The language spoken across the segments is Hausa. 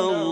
إنه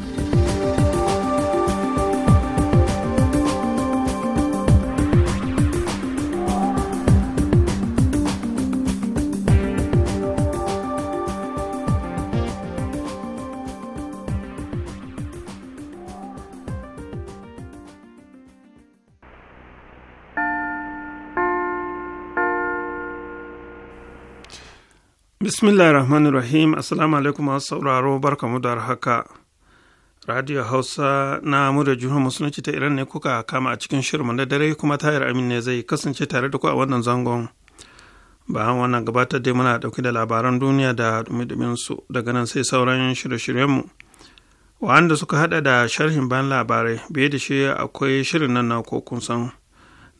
Bismillahirrahmanirrahim rahim assalamu alaikum masu sauraro barkamu da haka radio hausa na mu da musulunci ta iran ne kuka kama a cikin shirin na dare kuma tayar amin ne zai kasance tare da ku a wannan zangon Ba an wannan gabatar dai muna dauke da labaran duniya da dumi su daga nan sai sauran shirye-shiryenmu wanda suka hada da sharhin bayan labarai biye da shi akwai shirin nan na ko san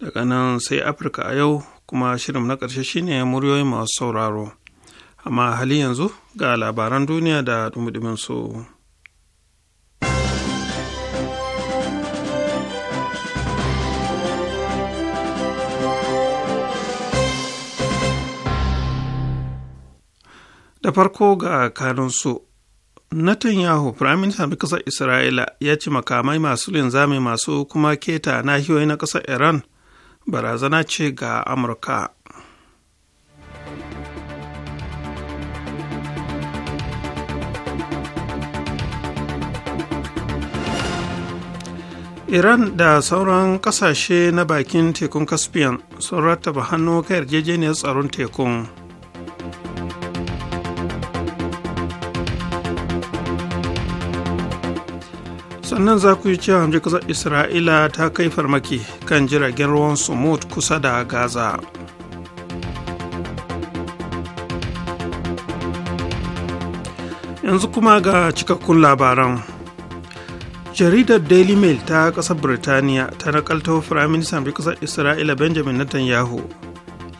daga nan sai afirka a yau kuma shirin na karshe shine muryoyin masu sauraro amma hali yanzu ga labaran duniya da dumudumin su. da farko ga kanunsu Netanyahu, firaministan na ƙasar Isra'ila, ya ci makamai masu linzami masu kuma keta nahiyoyi na ƙasar Iran barazana ce ga Amurka. iran da sauran kasashe na bakin tekun caspian sun rattaba hannu kan yarjejeniyar tsaron tekun sannan za ku yi cewa hamji kasar isra'ila ta kai farmaki kan jiragen ruwan sumut kusa da gaza yanzu kuma ga cikakkun labaran jaridar daily mail ta ƙasar birtaniya ta nakalto firaministan ƙasar isra'ila benjamin netanyahu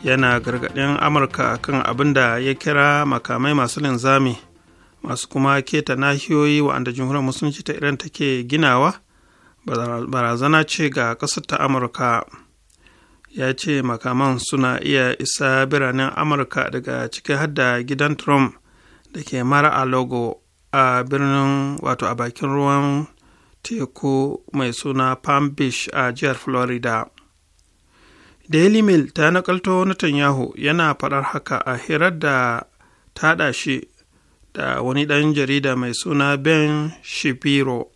yana gargaɗin amurka kan abin da ya kira makamai masu linzami masu kuma keta nahiyoyi wa'anda jamhuriyar musulunci ta iran take ginawa barazana ce ga ƙasar ta amurka ya ce makaman suna iya isa biranen amurka daga cikin hadda gidan trump da ke mara a logo a birnin wato a bakin ruwan teku mai suna palm beach a jihar florida daily mail ta nakalto netanyahu yana faɗar haka a hirar da ta shi da wani ɗan jarida mai suna ben shapiro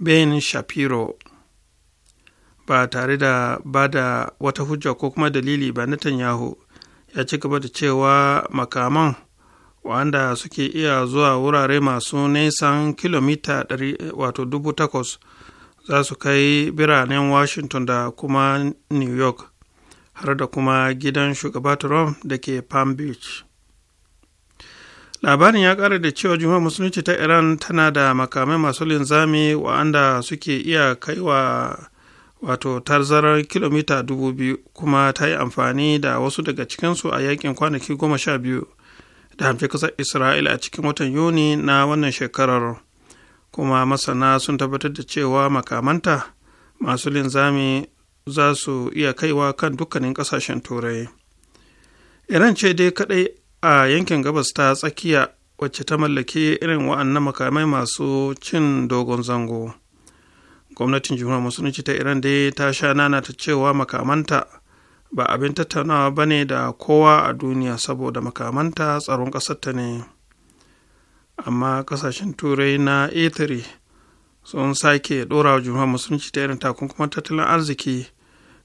ben shapiro ba tare da ba da wata hujja ko kuma dalili ba netanyahu ya ci gaba da cewa makaman wanda suke iya zuwa wurare masu nisan kilomita 8,000 za su kai biranen washington da kuma new york har da kuma gidan shugaba trump da ke palm beach labarin ya kara da cewa juma musulunci ta iran tana da makamai masu linzami wa'anda suke iya kaiwa wato tarzarar kilomita dubu kuma ta yi amfani da wasu daga cikinsu a yakin kwanaki goma sha biyu da hamfi kasar isra'ila a cikin watan yuni na wannan shekarar kuma masana sun tabbatar da cewa makamanta masu linzami za su iya kaiwa kan dukkanin kasashen turai iran ce dai kadai a yankin gabas ta tsakiya wacce ta mallaki irin wa'annan makamai masu cin dogon zango gwamnatin jihar musulunci ta iran dai ta sha nana ta cewa makamanta ba abin tattaunawa ba ne da kowa a duniya saboda makamanta tsaron ƙasarta ne amma ƙasashen turai na A3 sun sake ɗora wa juma musulunci ta irin takunkuman tattalin arziki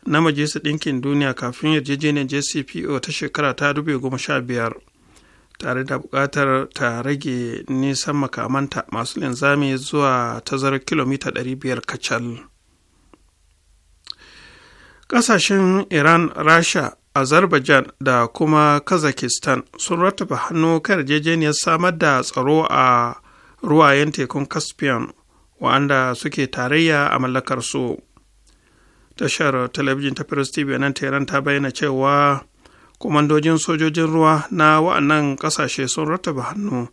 na majalisar ɗinkin duniya kafin yarjejeniyar jcpo ta shekara ta 2015 tare da buƙatar ta rage nisan makamanta masu linzami zuwa tazarar kilomita 500 kacal. Ƙasashen Iran, Rasha, Azerbaijan da kuma kazakistan sun rattaba hannu kan yarjejeniyar samar da tsaro a ruwayen tekun Caspian wa'anda suke tarayya a mallakarsu. Tashar talabijin ta Firis TV nan Tehran ta bayyana cewa kwamandojin sojojin ruwa na wa'annan ƙasashe sun rattaba hannu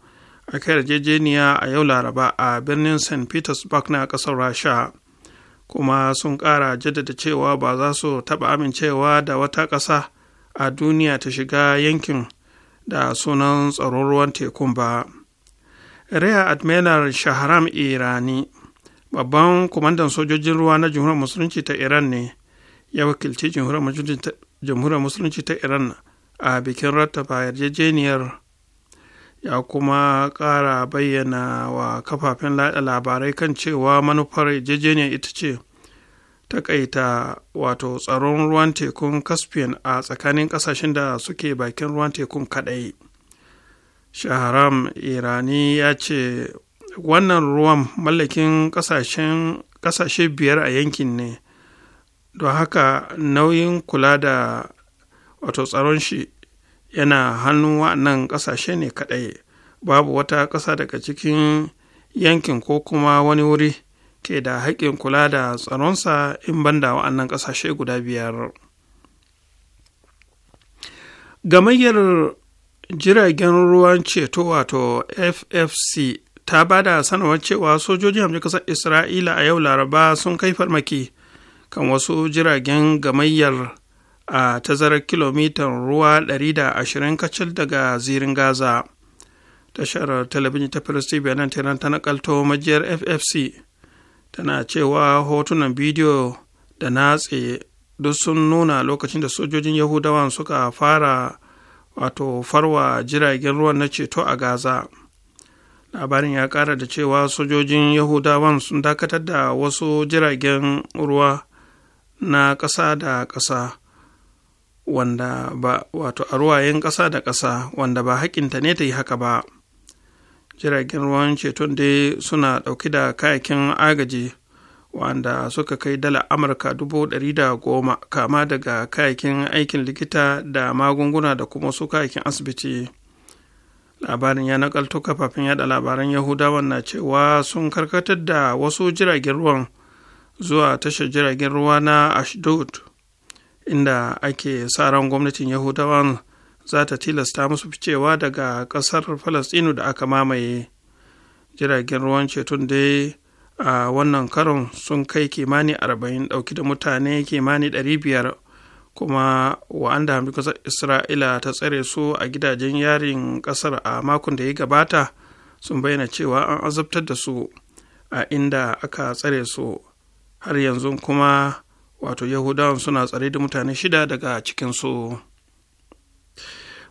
a kan yarjejeniya a yau Laraba a birnin St. Petersburg na ƙasar Rasha. kuma sun ƙara jaddada cewa ba za su taɓa amincewa da wata ƙasa a duniya ta shiga yankin da sunan tsaron ruwan tekun ba. rea Admenar Shahram Irani, babban kumandan sojojin ruwa na Jamhuriyar Musulunci ta Iran ne, ya wakilci Jamhuriyar Musulunci ta Iran a bikin rattaba yarjejeniyar ya kuma ƙara bayyana wa kafafen laɗa labarai kan cewa manufar jejeniya ita ce takaita wato tsaron ruwan tekun caspian a tsakanin ƙasashen da suke bakin ruwan tekun kaɗai shaharam irani ya ce wannan ruwan mallakin ƙasashe biyar a yankin ne don haka nauyin kula da wato tsaron shi yana hannun wa'annan ƙasashe ne kaɗai babu wata ƙasa daga cikin yankin ko kuma wani wuri ke da haƙƙin kula da tsaronsa in banda wa'annan ƙasashe guda biyar gamayyar jiragen ruwan ceto wato ffc ta ba da sanarwar cewa sojojin hamshin ƙasar isra'ila a yau laraba sun kai farmaki kan wasu jiragen gamayyar a tazarar kilomitan ruwa 120 kacal daga zirin gaza tashar talabijin ta firisti bayanan tehran ta nakalto majiyar ffc tana cewa hotunan bidiyo da natse duk sun nuna lokacin da sojojin yahudawan suka fara wato farwa jiragen ruwan na ceto a gaza labarin ya kara da cewa sojojin yahudawan sun dakatar da wasu jiragen ruwa na ƙasa da ƙasa wanda ba wato a ruwayen ƙasa da ƙasa wanda ba haƙinta ne ta yi haka ba jiragen ruwan ceton dai suna ɗauki da kayakin agaji wanda suka kai dala amurka dubu ɗari da goma kama daga kayakin aikin likita da magunguna da kuma su kayakin asibiti labarin ya nakalto kafafen yada labaran yahudawan na cewa sun karkatar da wasu jiragen ruwan zuwa tashar jiragen ruwa na ashdod inda ake sa ran gwamnatin yahudawan za ta tilasta musu ficewa daga ƙasar falastinu da aka mamaye jiragen ruwan ceton dai a wannan karon sun kai kimani arba'in ɗauki da mutane kimani ɗari biyar kuma wa'anda hamdukasar isra'ila ta tsare su a gidajen yarin ƙasar a makon da ya gabata sun bayyana cewa an azabtar da su a inda aka tsare su har yanzu kuma wato yahudawan suna tsare da mutane shida daga cikinsu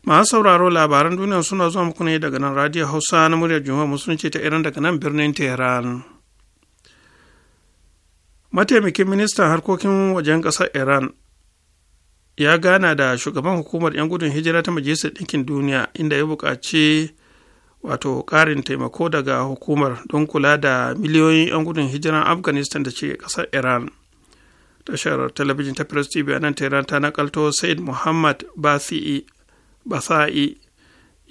masu sauraro labaran duniya suna zuwa muku ne daga nan radio hausa na muryar juma musulunci ta iran daga nan birnin tehran mataimakin ministan harkokin wajen ƙasar iran ya gana da shugaban hukumar 'yan gudun hijira ta majalisar ɗinkin duniya inda ya buƙaci wato ƙarin taimako daga hukumar don kula da miliyoyin 'yan gudun hijiran afghanistan da ke kasar iran tashar talabijin ta press tv a nan tehran ta nakalto said muhammad basa'i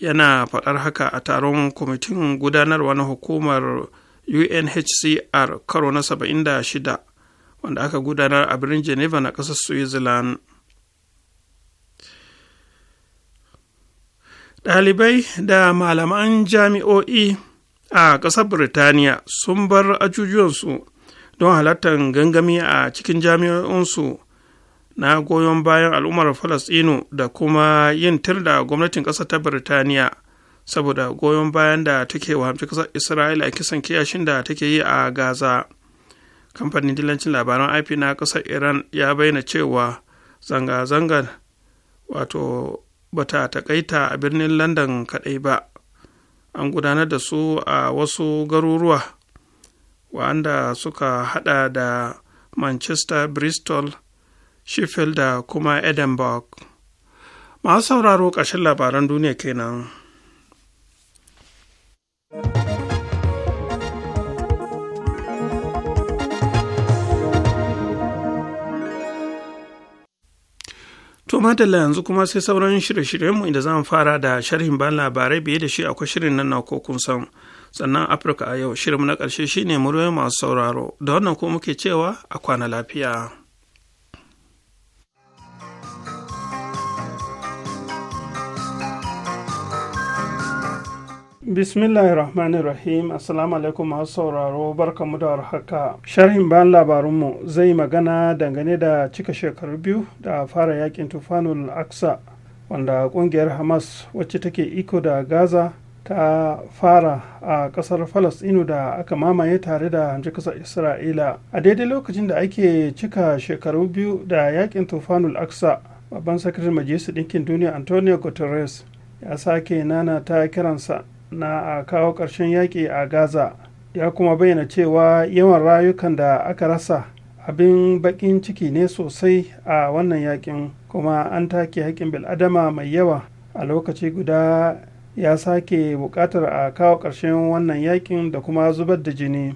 yana faɗar haka a taron kwamitin gudanarwa na hukumar unhcr karo na 76 wanda aka gudanar a birnin geneva na ƙasar switzerland ɗalibai da malaman jami'o'i a ƙasar birtaniya sun bar ajujuwansu don halartar gangami a cikin jami'o'insu na goyon bayan al'ummar falasɗinu da kuma yin tirda da gwamnatin ƙasa ta birtaniya saboda goyon bayan da take wa ƙasar isra'ila a kisan kiyashin da take yi a gaza kamfanin dillancin labaran ip na ƙasar iran ya bayyana cewa zanga-zangar wato bata takaita a birnin london kaɗai ba an gudanar da su a wasu garuruwa wanda suka hada da manchester bristol sheffield da kuma edinburgh masu sauraro ƙashin labaran duniya kenan. To madalla yanzu kuma sai sauran shirye-shiryenmu inda zan fara da sharhin ban labarai biye da shi akwai shirin nan na ko kusan. san sannan afirka a yau shirin na ƙarshe shine murwai masu sauraro da wannan kuma muke cewa a kwana lafiya bismillahir rahmanir rahim assalamu alaikum masu sauraro barkamu da haka sharhin bayan labarunmu zai magana dangane da cika shekaru biyu da fara yakin tufanul aksa wanda kungiyar hamas wacce take iko da gaza ta fara a kasar inu da aka mamaye tare da hamci isra'ila a daidai lokacin da ake cika shekaru biyu da yakin tufanul aksa babban sakirin majalisar ɗinkin duniya antonio guterres ya sake nana ta kiransa na a kawo ƙarshen yaƙi a gaza ya kuma bayyana cewa yawan rayukan da aka rasa abin baƙin ciki ne sosai a wannan yaƙin kuma an take haƙƙin bil'adama mai yawa a lokaci guda ya sake buƙatar a kawo ƙarshen wannan yakin da kuma zubar da jini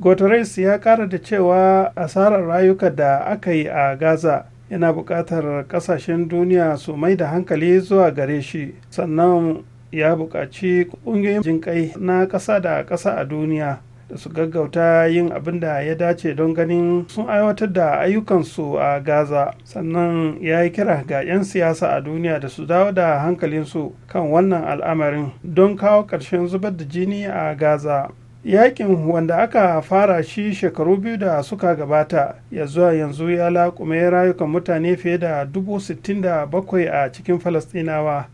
guterres ya ƙara da cewa asarar rayuka da aka yi a gaza yana buƙatar ƙasashen duniya su mai da hankali zuwa gare shi sannan ya buƙaci ƙungiyoyin jinƙai na ƙasa da ƙasa a duniya da su gaggauta yin abin da ya dace don ganin sun aiwatar da ayyukansu a gaza sannan ya yi kira ga 'yan siyasa a duniya da su dawo da hankalinsu kan wannan al'amarin don kawo ƙarshen zubar da jini a gaza yakin wanda aka fara shi shekaru biyu da suka gabata ya zuwa yanzu ya laƙume rayukan mutane fiye da dubu sittin da bakwai a cikin falastinawa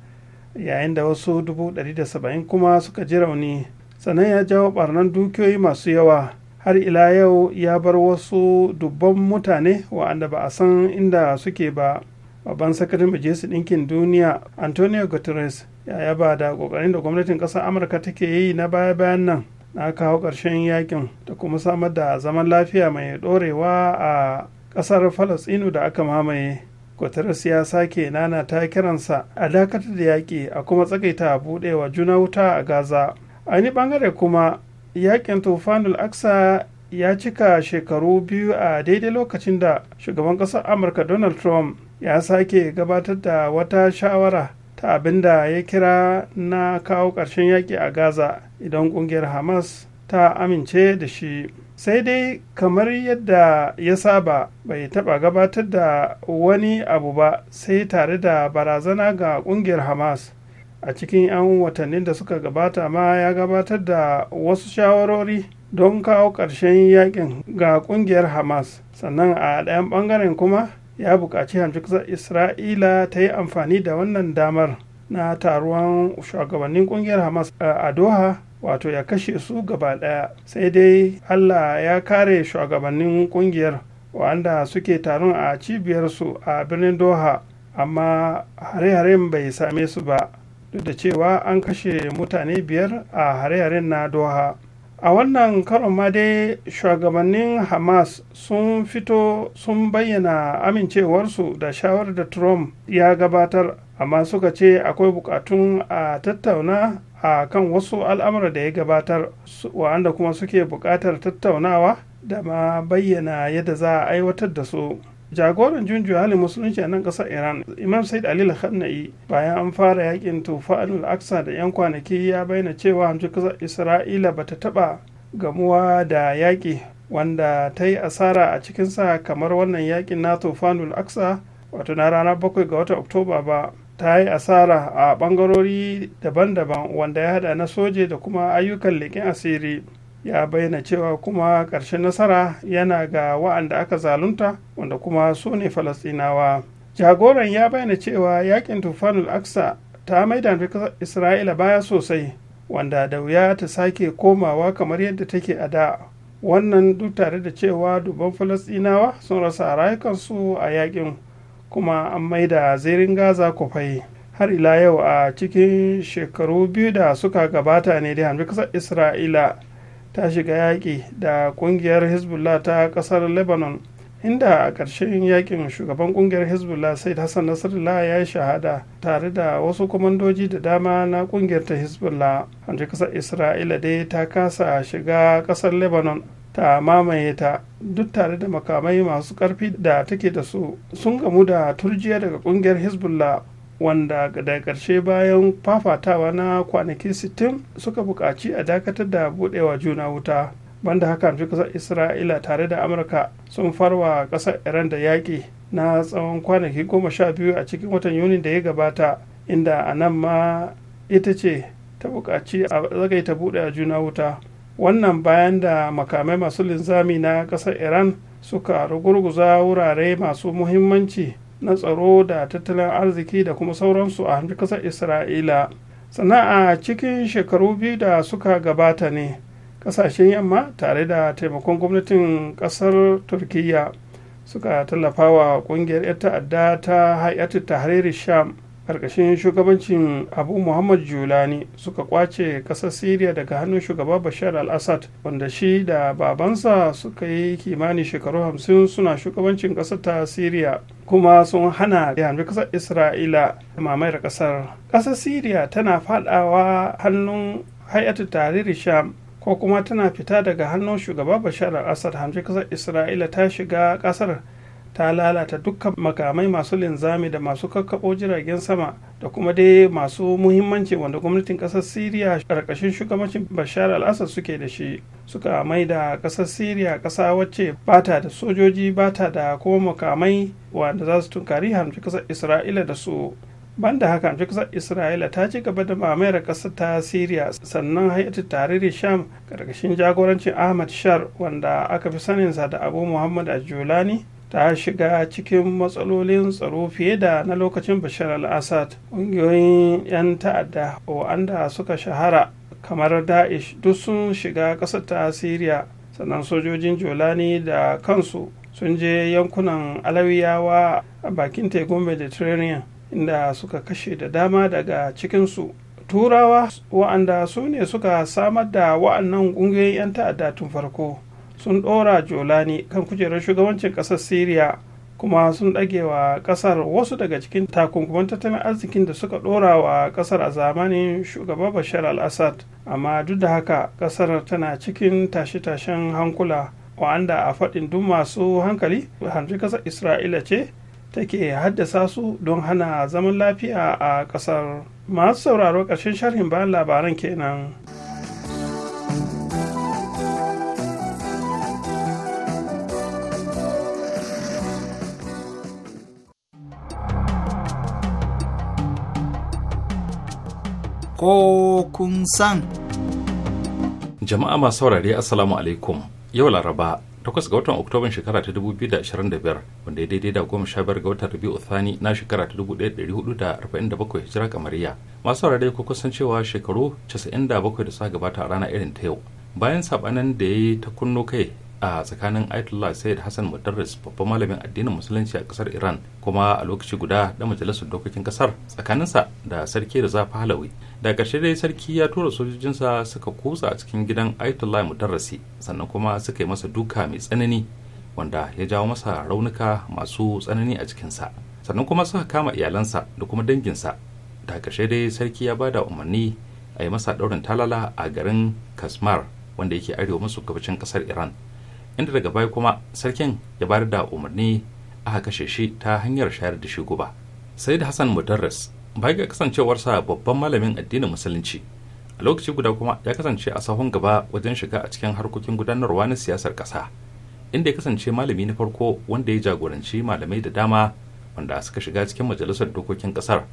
yayin da wasu dubu ɗari da saba'in kuma suka ji rauni sannan ya jawo barnan dukiyoyi masu yawa har ila yau ya bar wasu dubban mutane wa'anda ba a san inda suke ba babban sakatin majalisar ɗinkin duniya antonio guterres ya yaba da ƙoƙarin da gwamnatin ƙasar amurka take yi na baya-bayan nan na kawo ƙarshen yakin da kuma samar da zaman lafiya mai ɗorewa a ƙasar falastinu da aka mamaye guterres ya sake nana ta kiransa a dakatar da yaƙi a kuma tsagaita buɗewa juna wuta a gaza a ni bangare kuma yakin tufanul aksa ya cika shekaru biyu a daidai lokacin da shugaban ƙasar amurka donald trump ya sake gabatar da wata shawara ta abin da ya kira na kawo ƙarshen yaƙi a gaza idan ƙungiyar hamas ta amince da shi sai dai kamar yadda ya saba bai taɓa gabatar da wani abu ba sai tare da barazana ga ƙungiyar hamas a cikin 'yan watannin da suka gabata ma ya gabatar da wasu shawarori don kawo ƙarshen yakin ga ƙungiyar hamas sannan a ɗayan ɓangaren kuma ya buƙaci hamshiksar isra'ila ta yi amfani da wannan damar na taruwan shugabannin ƙungiyar hamas eh, a doha wato ya kashe su gaba ɗaya sai dai allah ya kare shugabannin ƙungiyar wanda suke taron a cibiyarsu a birnin doha amma hare-haren bai same su ba duk da cewa an kashe mutane biyar a hare-haren na doha a wannan karon ma dai shugabannin hamas sun fito sun bayyana amincewarsu da shawarar da trump ya gabatar amma suka ce akwai bukatun a tattauna a kan wasu al'amura da ya gabatar wa'anda kuma suke bukatar tattaunawa da ma bayyana yadda za a aiwatar da su jagoran junju halin musulunci a nan kasar iran imam said ali khanai bayan an fara yakin tufa'anul aksa da yan kwanaki ya bayyana cewa hamsin kasar isra'ila taɓa taba gamuwa da yaƙi wanda ta yi asara a cikinsa kamar wannan yakin na tufanul aksa wato na ranar bakwai ga watan oktoba ba ta yi asara a bangarori daban-daban wanda ya hada na soje da kuma ayyukan leƙen asiri ya bayyana cewa kuma ƙarshen nasara yana ga wa'anda aka zalunta wanda kuma su ne falastinawa jagoran ya bayyana cewa yakin tufanul aksa ta maida isra'ila baya sosai wanda da wuya ta sake komawa kamar yadda take a da wannan duk tare da cewa dubban falastinawa sun rasa rayukansu a yakin kuma an maida zirin gaza kufai har ila yau a cikin shekaru biyu da suka gabata ne da hamdukasar isra'ila ta shiga yaƙi da ƙungiyar hezbollah ta ƙasar lebanon inda a ƙarshen yakin shugaban ƙungiyar hezbollah sai hassan nasrallah ya yi shahada tare da wasu kwamandoji da dama na ƙungiyar ta hezbollah hanci ƙasar isra'ila dai ta kasa shiga ƙasar lebanon ta mamaye ta duk tare da makamai masu ƙarfi da take da su sun gamu da turjiya daga ƙungiyar hezbollah wanda da karshe bayan fafatawa na kwanaki 60 suka bukaci a dakatar da buɗewa juna wuta banda haka amshi ƙasar isra'ila tare da amurka sun farwa ƙasar iran da yaƙi na tsawon kwanaki goma sha biyu a cikin watan yuni da ya gabata inda a nan ma ita ce ta bukaci a buɗe a juna wuta wannan bayan da makamai masu linzami na ƙasar iran suka rugurguza wurare masu muhimmanci na tsaro da tattalin arziki da kuma sauransu a hannun ƙasar isra'ila sana'a cikin shekaru biyu da suka gabata ne ƙasashen yamma tare da taimakon gwamnatin ƙasar turkiyya suka tallafa wa ƙungiyar 'yan ta'adda ta hayatu tahrir sham ƙarƙashin shugabancin abu muhammad julani suka kwace ƙasar siriya daga hannun shugaba bashar al-assad wanda shi da babansa suka yi kimanin shekaru hamsin suna shugabancin ƙasar ta siriya kuma sun hana yanzu kasar isra'ila mamayar ƙasar ƙasar siriya tana faɗawa hannun hayatu tarihi sham ko kuma tana fita daga hannun shugaba bashar al-assad hamshe ƙasar isra'ila ta shiga ƙasar ta lalata dukkan makamai masu linzami da masu kakkaɓo jiragen sama da kuma dai masu muhimmanci wanda gwamnatin ƙasar siriya ƙarƙashin shugabancin bashar al-assad suke da shi suka mai da ƙasar siriya ƙasa wacce bata da sojoji bata da kuma makamai wanda za su tunkari hamci kasar isra'ila da su banda haka amfi kasar isra'ila ta ci gaba da mamayar ƙasar ta siriya sannan hayatu tarihi sham karkashin jagorancin ahmad shar wanda aka fi saninsa da abu muhammad ajulani ta shiga cikin matsalolin tsaro fiye da na lokacin bashar al-assad ƙungiyoyin 'yan ta'adda wa'anda suka shahara kamar Da'ish duk sun shiga ƙasar ta syria sannan sojojin jolani da kansu sun je yankunan alawiyawa a bakin tekun mediterranean inda suka kashe da dama daga cikinsu turawa wa'anda su ne suka samar da wa'annan ƙungiyoyin 'yan ta'adda tun farko sun ɗora jolani kan kujerar shugabancin ƙasar syria kuma sun ɗage wa ƙasar wasu daga cikin takunkuman tattalin arzikin da suka ɗora wa ƙasar a zamanin shugaba bashar al-assad amma duk da haka ƙasar tana cikin tashe-tashen hankula wa'anda a faɗin duk masu hankali hanji ƙasar isra'ila ce take haddasa su don hana zaman lafiya a ƙasar masu sauraro ƙarshen sharhin bayan labaran kenan. ko kun san. Jama'a masu saurare Assalamu alaikum yau Laraba takwas ga watan Oktoban shekara ta 2025 wanda ya daidai da goma sha ga watan Rabi'u Thani na shekara ta 1447 hijira kamariya. Masu saurare ko kusan cewa shekaru 97 da suka gabata a rana irin ta yau. Bayan sabanin da ya yi ta kunno kai a tsakanin Ayatollah Sayyid Hassan Mudarris babban malamin addinin musulunci a kasar Iran kuma a lokaci guda da majalisar dokokin kasar tsakaninsa da sarki da zafi halawi da ƙarshe dai sarki ya tura sojojinsa suka kutsa a cikin gidan Ayatollah Mudarrisi sannan kuma suka yi masa duka mai tsanani wanda ya jawo masa raunuka masu tsanani a cikinsa sannan kuma suka kama iyalansa da kuma danginsa da ƙarshe dai sarki ya bada umarni a yi masa ɗaurin talala a garin kasmar wanda yake arewa masu gabashin ƙasar iran inda daga baya kuma sarkin ya bayar da umarni aka kashe shi ta hanyar shayar da shi guba sai da hassan mudarris bai ga kasancewarsa babban malamin addinin musulunci a lokaci guda kuma ya kasance a sahun gaba wajen shiga a cikin harkokin gudanarwa na siyasar kasa inda ya kasance malami na farko wanda ya jagoranci malamai da dama wanda suka shiga cikin majalisar dokokin kasar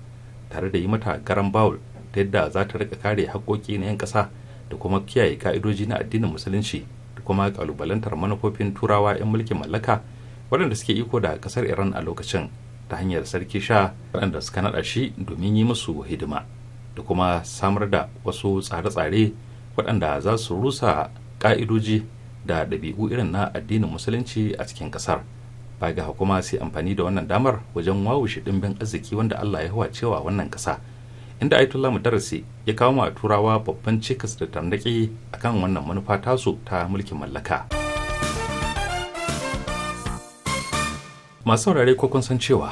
tare da yi mata garan bawul ta yadda za ta rika kare haƙƙoƙi na 'yan ƙasa da kuma kiyaye ka'idoji na addinin musulunci kuma kalubalantar manufofin turawa 'yan mulkin mallaka waɗanda suke iko da ƙasar iran a lokacin ta hanyar sarki sha waɗanda suka naɗa shi domin yi musu hidima da kuma samar da wasu tsare-tsare waɗanda za su rusa ƙa'idoji da ɗabi'u irin na addinin musulunci a cikin ƙasar ba ga kuma sai amfani da wannan damar wajen wawushe ɗimbin arziki wanda allah ya cewa wannan ƙasa inda Aitullah Mudarrisi ya kawo ma turawa babban cikas da tarnaƙi kan wannan manufa tasu ta mulkin mallaka. Masu saurare ko kun san cewa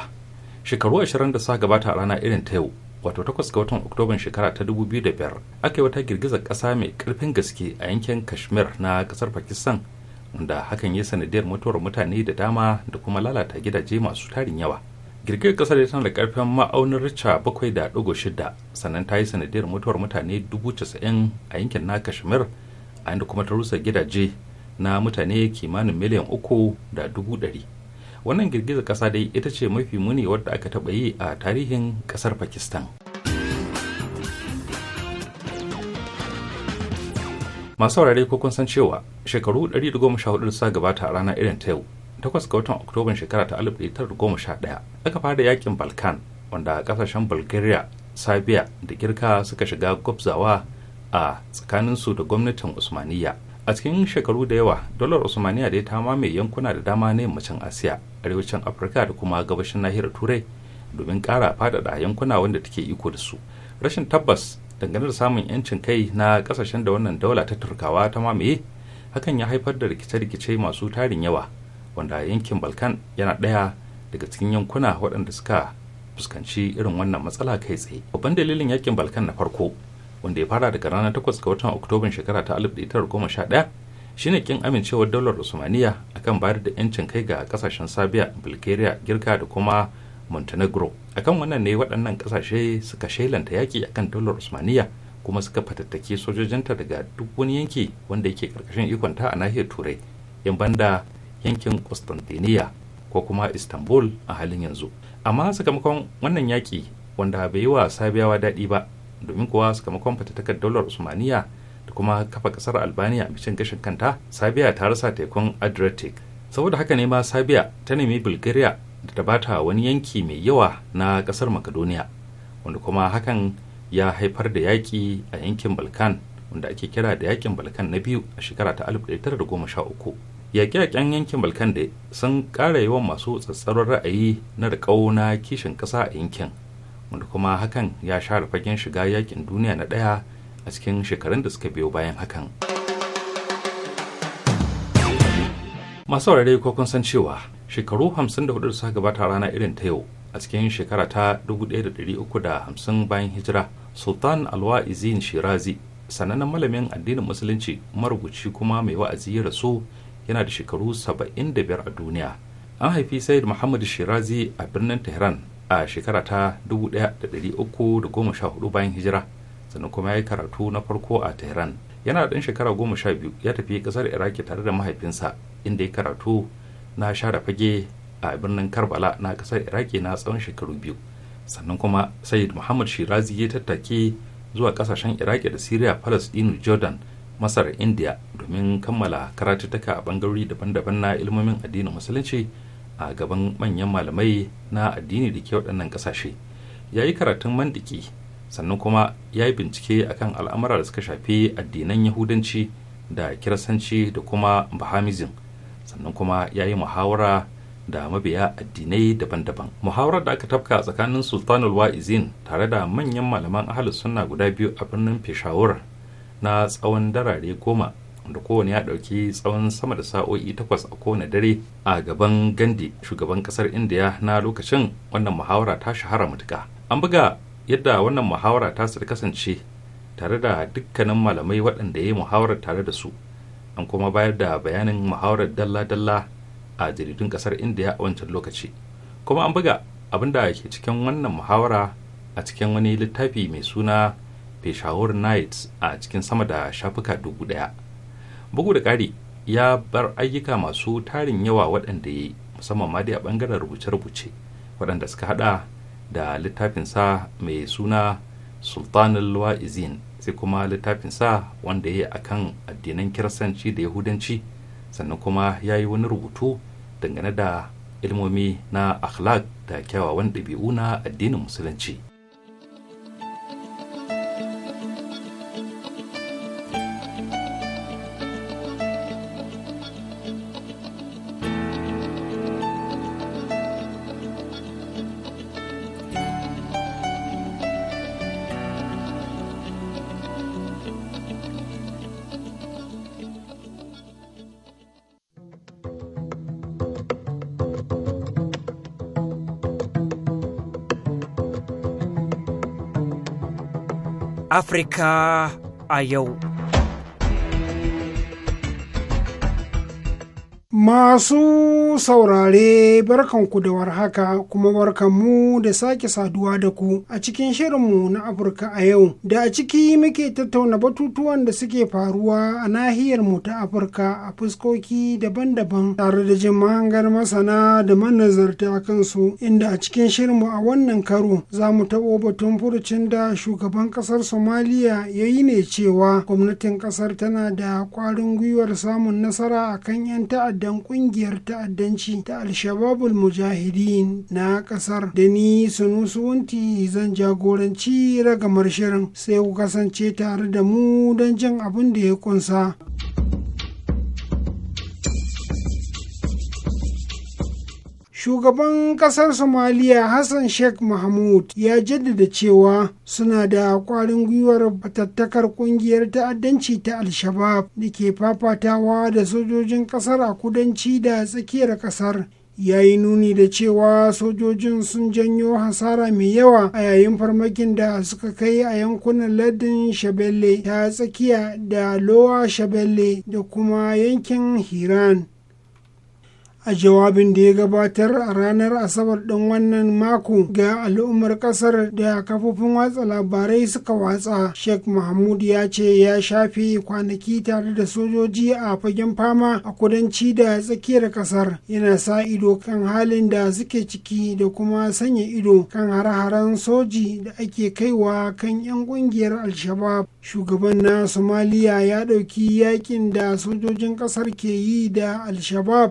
shekaru ashirin da sa gabata a rana irin ta yau wato 8 ga watan oktoban shekara ta 2005 aka yi wata girgizar ƙasa mai ƙarfin gaske a yankin kashmir na ƙasar pakistan wanda hakan ya sanadiyar mutuwar mutane da dama da kuma lalata gidaje masu tarin yawa girgiyar kasar ya tana da karfin ma'aunin rica 7.6 sannan ta yi sanadiyar mutuwar mutane 90,000 a yankin na kashmir a inda kuma ta rusa gidaje na mutane kimanin miliyan uku da dubu wannan girgizar kasa dai ita ce mafi muni wadda aka taba yi a tarihin kasar pakistan masu saurare ko kun san cewa shekaru 114 sa gabata a rana irin ta yau Takwas ga watan oktoban shekara ta ɗaya aka fara yakin balkan wanda kasashen bulgaria sabiya da girka suka shiga gwabzawa a tsakaninsu da gwamnatin usmaniya a cikin shekaru da yawa dolar usmaniya da ta mamaye yankuna da dama na yammacin asiya arewacin afirka da kuma gabashin nahiyar turai domin kara faɗaɗa yankuna wanda take iko da su rashin tabbas dangane da samun yancin kai na kasashen da wannan daula ta turkawa ta mamaye hakan ya haifar da rikice-rikice masu tarin yawa wanda yankin balkan yana ɗaya daga cikin yankuna waɗanda suka fuskanci irin wannan matsala kai tsaye babban dalilin yakin balkan na farko wanda ya fara daga ranar 8 ga watan oktoban shekara ta 1911 shine kin amincewar daular usmaniya akan bayar da yancin kai ga kasashen sabiya bulgaria girka da kuma montenegro akan wannan ne waɗannan kasashe suka shailanta yaƙi akan daular usmaniya kuma suka fatattake sojojinta daga duk wani yanki wanda yake karkashin ikonta a nahiyar turai yan banda yankin constantiniya ko kuma istanbul a halin yanzu amma sakamakon wannan yaƙi wanda bai yi wa sabiyawa daɗi ba domin kuwa sakamakon fatattakar daular usmaniya da kuma kafa ƙasar albaniya a cin gashin kanta sabiya ta rasa tekun adriatic saboda haka ne ma sabiya ta nemi bulgaria da ta bata wani yanki mai yawa na ƙasar Makedonia, wanda kuma hakan ya haifar da yaƙi a yankin balkan wanda ake kira da yakin balkan na biyu a shekara ta 1913 yaƙe-yaƙen yankin balkan da sun ƙara yawan masu tsatsarar ra'ayi na riƙau na kishin ƙasa a yankin wanda kuma hakan ya share fagen shiga yaƙin duniya na ɗaya a cikin shekarun da suka biyo bayan hakan masu saurare ko kun san cewa shekaru 54 suka gabata rana irin ta yau a cikin shekara ta 1350 bayan hijira sultan alwa alwa'izin shirazi sanannen malamin addinin musulunci marubuci kuma mai wa'azi ya rasu yana da shekaru 75 a duniya an haifi said muhammad shirazi a birnin tehran a shekara ta 1314 bayan hijira sannan kuma ya yi karatu na farko a tehran yana ɗan shekara goma sha biyu ya tafi ƙasar iraki tare da mahaifinsa inda ya karatu na share fage a birnin karbala na ƙasar iraki na tsawon shekaru biyu sannan kuma sayyid muhammad shirazi ya tattake zuwa ƙasashen iraki da syria palestine jordan masar india domin kammala karatuttuka a bangarori daban-daban na ilmomin addinin musulunci a gaban manyan malamai na addini da ke waɗannan ƙasashe ya yi karatun mandiki sannan kuma ya yi bincike akan al'amura da suka shafi addinan yahudanci da kirasanci da kuma bahamizm sannan kuma ya yi muhawara da mabiya addinai daban-daban muhawarar da aka tafka tsakanin sultanul wa'izin tare da manyan malaman ahalus sunna guda biyu a birnin peshawar na tsawon darare goma da kowane ya ɗauki tsawon sama da sa'o'i takwas a kowane dare a gaban gandi shugaban ƙasar indiya na lokacin wannan muhawara ta shahara matuka an buga yadda wannan muhawara ta su kasance tare da dukkanin malamai waɗanda ya yi muhawarar tare da su an kuma bayar da bayanin muhawarar dalla-dalla a jaridun ƙasar indiya a wancan lokaci kuma an buga abinda ke cikin wannan muhawara a cikin wani littafi mai suna peshawar Nights a cikin sama da shafuka dubu daya bugu da ƙari ya bar ayyuka masu tarin yawa waɗanda ya yi musamman ma dai a ɓangaren rubuce-rubuce waɗanda suka haɗa da littafinsa mai suna sultanul wa'izin sai kuma littafinsa wanda ya yi kan addinan kirsanci da yahudanci sannan kuma ya yi wani rubutu dangane da ilmomi na akhlaq da kyawawan ɗabi'u na addinin musulunci Africa, a Masu saurare barkanku da warhaka kuma barkanmu da sake saduwa da ku a cikin shirinmu na Afirka a yau da a ciki muke tattauna batutuwan da suke faruwa a nahiyar mu ta Afirka a fuskoki daban-daban tare da jin mahangar masana da manazarta kansu inda a cikin shirinmu a wannan karo za mu taɓo batun furucin da shugaban ƙasar Somaliya ya yi ne cewa gwamnatin ƙasar tana da ƙwarin gwiwar samun nasara akan 'yan ta'adda bayan kungiyar ta'addanci ta alshababul mujahidin na kasar da ni sunusuwunti zan jagoranci ragamar shirin sai ku kasance tare da mu don jin abin da ya kunsa. shugaban kasar somaliya hassan sheikh mahmud ya jaddada cewa suna da kwarin gwiwar fatattakar kungiyar ta'addanci ta al-shabab da ke fafatawa da sojojin kasar a kudanci da tsakiyar kasar ya yi nuni da cewa sojojin sun janyo hasara mai yawa a yayin farmakin da suka kai a yankunan ladin shabelle ta tsakiya da lowa shabelle da kuma yankin hiran a jawabin da ya gabatar a ranar asabar ɗin wannan mako ga al'ummar ƙasar da kafofin watsa labarai suka watsa sheikh mahmud ya ce ya shafe kwanaki tare da sojoji a fagen fama a kudanci da tsakiyar ƙasar yana sa ido kan halin da suke ciki da kuma sanya ido kan hare-haren soji da ake kaiwa kan 'yan ƙungiyar al shugaban na somaliya ya ɗauki yakin da sojojin ƙasar ke yi da al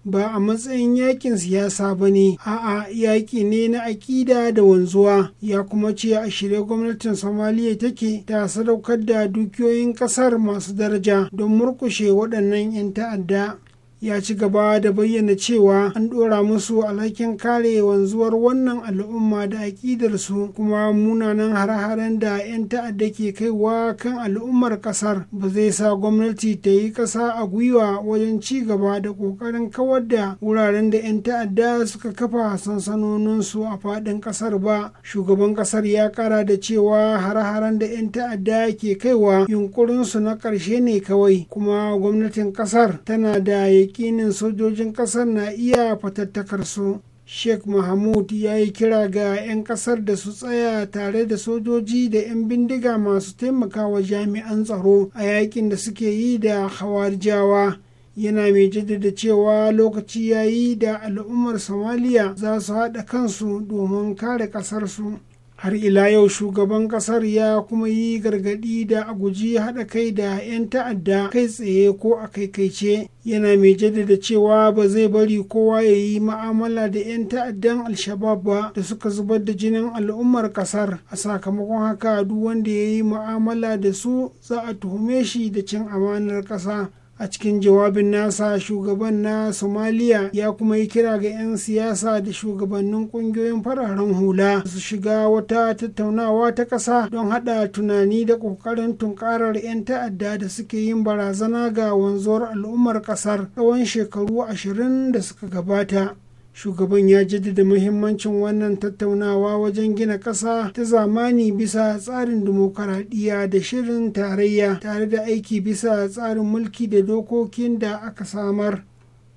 ba a matsayin yakin siyasa ba ne a'a yaƙi ne na aƙida da wanzuwa ya kuma ce a shirye gwamnatin somaliya take ta sadaukar da dukiyoyin ƙasar masu daraja don murkushe waɗannan 'yan ta'adda ya ci gaba da bayyana cewa an ɗora musu alhakin kare wanzuwar wannan al'umma da aƙidarsu kuma munanan har-haren da 'yan ta'adda ke kaiwa kan al'ummar ƙasar ba zai sa gwamnati ta yi ƙasa a gwiwa wajen ci gaba da ƙoƙarin kawar da wuraren da 'yan ta'adda suka kafa sansanoninsu a faɗin ƙasar ba shugaban ƙasar ya ƙara da cewa har-haren da 'yan ta'adda ke kaiwa yunƙurinsu na ƙarshe ne kawai kuma gwamnatin ƙasar tana da yakinin sojojin ƙasar na iya fatattakar su sheikh mahmud ya yi kira ga 'yan ƙasar da su tsaya tare da sojoji da 'yan bindiga masu taimakawa jami'an tsaro a yakin da suke yi da hawarjawa, yana mai jaddada cewa lokaci ya da al'ummar somaliya za su haɗa kansu domin kare ƙasarsu har ila yau shugaban kasar ya kuma yi gargadi da a guji haɗa kai da 'yan ta'adda kai tsaye ko a kaikaice yana mai jaddada cewa ba zai bari kowa ya yi ma'amala da 'yan ta'addan alshabab ba da suka zubar da jinin al'ummar kasar a sakamakon haka duk wanda ya yi ma'amala da su za a tuhume shi da cin amanar ƙasa a cikin jawabin nasa shugaban na somaliya ya kuma yi kira ga 'yan siyasa da shugabannin kungiyoyin fararen hula su shiga wata tattaunawa ta ƙasa don haɗa tunani da ƙoƙarin tunkarar 'yan ta'adda da suke yin barazana ga wanzuwar al'ummar ƙasar tsawon shekaru ashirin da suka gabata shugaban ya jaddada muhimmancin wannan tattaunawa wajen gina ƙasa ta zamani bisa tsarin dimokuraɗiyya da shirin tarayya tare da aiki bisa tsarin mulki da dokokin da aka samar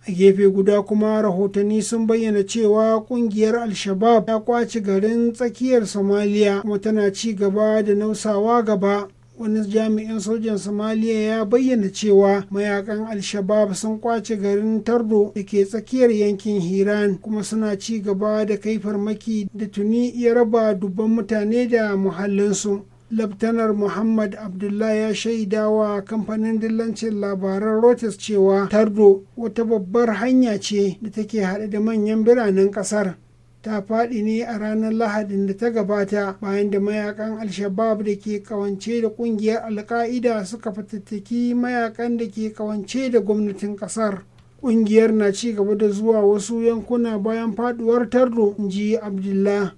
a gefe guda kuma rahotanni sun bayyana cewa kungiyar al-shabab ta kwaci garin tsakiyar somaliya kuma tana ci gaba da nausawa gaba wani jami'in sojan somaliya ya bayyana cewa mayakan al-shabab sun kwace garin tardo da ke tsakiyar yankin hiran kuma suna ci gaba da kai farmaki da tuni ya raba dubban mutane da muhallinsu Laftanar Muhammad Abdullah ya shaida wa kamfanin dillancin labaran Reuters cewa Tardo wata babbar hanya ce da take haɗe da manyan biranen ƙasar. ta faɗi ne a ranar lahadin da ta gabata bayan da mayakan al-shabab da ke kawance da kungiyar al suka fatattaki mayakan da ke kawance da gwamnatin kasar kungiyar na ci gaba da zuwa wasu yankuna bayan faduwar tardo ji abdullah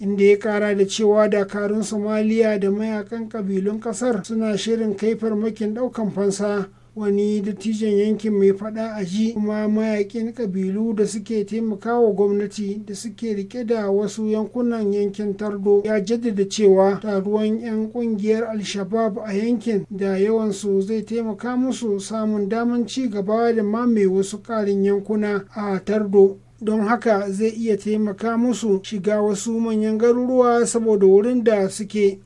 inda ya kara da cewa dakarun somaliya da mayakan kabilun kasar suna shirin kai farmakin daukan fansa wani dattijan yankin mai fada a ji kuma mayakin kabilu da suke taimakawa gwamnati da suke rike da wasu yankunan yankin tardo ya jaddada cewa taruwan 'yan kungiyar al-shabab a yankin da yawansu zai taimaka musu samun daman ci gaba da mame wasu karin yankuna a tardo don haka zai iya taimaka musu shiga wasu manyan garuruwa saboda wurin da suke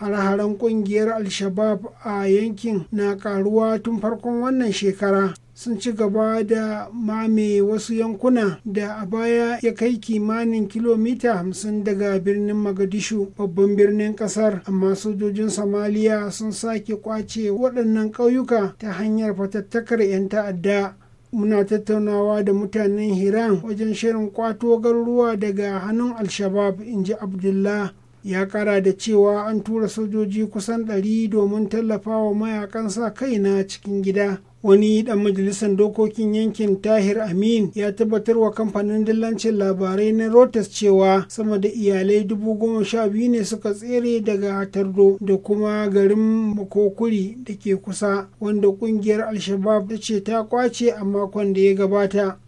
hare-haren kungiyar al-shabab a yankin na karuwa tun farkon wannan shekara sun ci gaba da mame wasu yankuna da a baya ya kai kimanin kilomita 50 daga birnin magadishu babban birnin kasar amma sojojin somaliya sun sake kwace waɗannan ƙauyuka ta hanyar fatattakar 'yan ta'adda muna tattaunawa da mutanen hiran wajen shirin kwato garuruwa daga hannun al-shabab in ji abdullah ya kara da cewa an tura sojoji kusan ɗari domin tallafawa mayakan sa kai na cikin gida wani dan majalisar dokokin yankin tahir amin ya tabbatar wa kamfanin dillancin labarai na rotas cewa sama da iyalai dubu goma sha biyu ne suka tsere daga tardo da kuma garin makokuri da ke kusa wanda kungiyar al-shabab ta ce ta kwace a makon da ya gabata